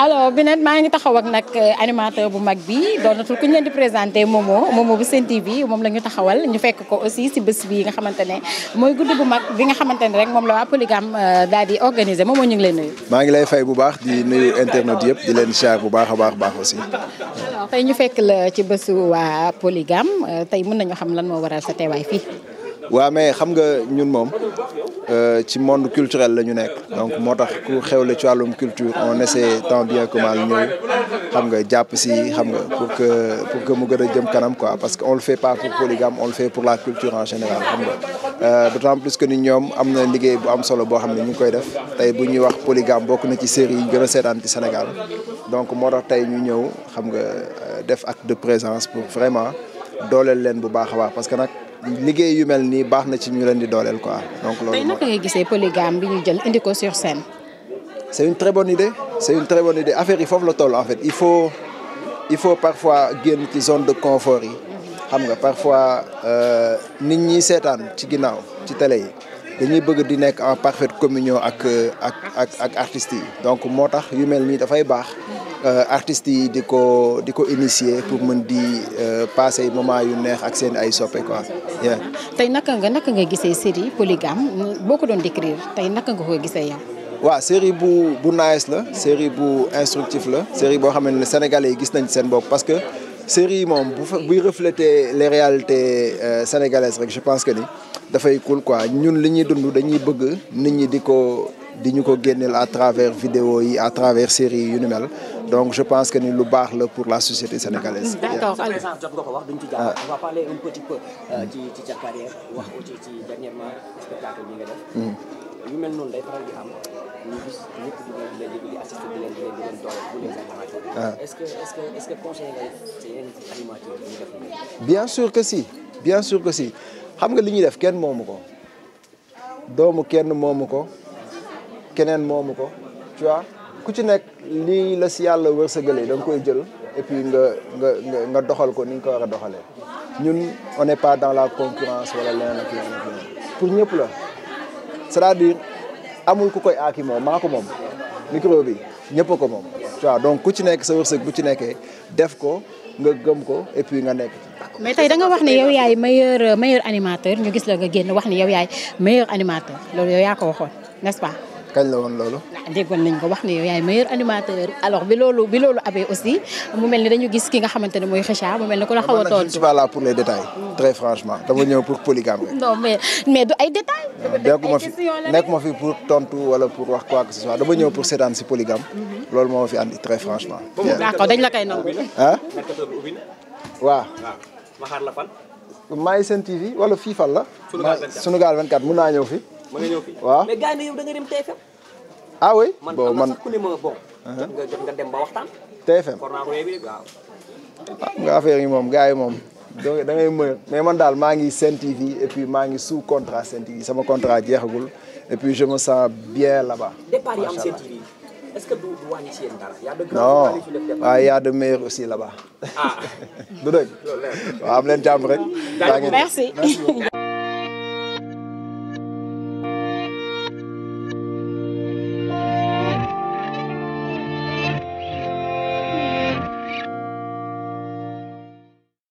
alors bi maa ngi taxaw nag euh, animateur bu mag bii bi doonatul ku ñu leen di présenté Momo Momo bu Sen TV moom la ñu taxawal ñu fekk ko aussi ci bés bii nga xamante ne mooy guddi bu mag bi nga xamante ne rek moom la waa Polygame euh, daal di organiser Momo ñu ngi lay nuyu. maa ngi lay fay bu baax di nuyu internet yëpp di leen siyaar bu baax a baax baax aussi. alors tey ñu fekk la ci bésu waa Polygame euh, tey mën nañu xam lan moo waral sa teewaay fii. waaw mais xam nga ñun moom euh, ci monde culturel la ñu nekk donc moo tax ku xewle ci wàllum culture on essaie tant bien que mal ñëw xam nga jàpp si xam nga pour que pour que mu gën a jëm kanam quoi parce que on le fait pas pour polygame on pour la culture en général nga euh, d'autant plus que ni ñoom am na liggéey bu am solo boo xam ne ñu ngi koy def tey bu ñuy wax polygame bokk na ci série yi gën seetaan ci Sénégal donc moo tax tey ñu ñëw xam nga euh, def acte de présence pour vraiment dooleel leen bu baax a baax parce que nag liggéey yu mel nii baax na ci ñu leen di dooleel quoi donc loolu. tey naka ngay gisee polygame bi ñu jël indi ko sur scène. c' est une très bonne idée c' une très bonne idée affaire yi foofu la toll en fait il faut il faut parfois génn ci zone de confort yi. xam nga parfois euh, nit ñi seetaan ci ginnaaw ci télé yi. dañuy bëgg di nekk en parfaite communion ak euh, ak ak ak artistes yi donc moo tax yu mel nii dafay baax euh, artistes yi di ko di ko initier pour mën di euh, passer moment yu neex ak seen ay soppe quoi. tey naka nga naka nga gisee série polygame boo ko doon décrire tey naka nga ko gisee yow. waaw série bu bu nice la série bu instructif la série boo xam ne sénégalais yi gis nañ seen bopp parce que série yi moom bu buy refléter les réalités sénégalaises rek je pense que ni. dafay cool quoi ñun li ñuy dund dañuy bëgg nit ñi di ko di ñu ko génneel à travers vidéo yi à travers série yu ni mel donc je pense que ni lu baax la pour la société sénégalaise. d'accord jot ko wax duñ ci jàpp. Ah. on va parler un euh, ci ci wax aussi ci dernièrement spectacle bi mm. ah. ce que bien sûr que si bien sûr que si. xam nga li ñuy def kenn moomu ko doomu kenn moomu ko keneen moomu ko tu ku ci nekk lii la si yàlla wërsëgalee da nga koy jël et puis nga nga nga doxal ko ni nga ko war a doxalee ñun on n'est pas dans la concurrence wala leneen ak leneen ak leneen ñëpp la cest à amul ku koy aaki moom ko moom micro ñëpp ko moom tu donc ku ci nekk sa wërsëg bu ci nekkee def ko nga gëm ko et puis nga nekk mais tey da nga wax ne yow yaay meilleur euh, meilleur animateur ñu gis la nga génn wax ne yow yaay meilleur animateur loolu yow ko waxoon n'est-ce kañ la woon loolu. ah déggoon nañ ko wax ne yow yaay meilleur animateur alors bi loolu bi loolu abee aussi mu mel ni dañu gis ki nga xamante ne mooy Kheucha mu mel ni ko la ah, xaw a tontu. je pour les détails. Mm. très franchement dama ñëw pour polygame rek. du ay détails. Ah, nekkuma fi fi pour tontu wala pour wax quoi que ce soit dama ñëw pour seetaan mm-hmm. loolu moo ma fi andi très franchement. ma xaar maa ngi seen TV wala fii la. sunu gaal 24 mun naa ñëw fi. ma nga ñëw mais gars yi ah man sax ku ne ma bon. Uh-huh. nga jot nga waaw. Ah, nga affaire yi moom gaa yi moom. donc da ngay mën mais man daal maa ngi Sen TV et maa ngi sous contrat Sen TV sama contrat jeexagul et puis je me sens bien là est que du a non waaye ah, y de meilleurs aussi là ah. du dëgg. waaw am leen jàmm merci.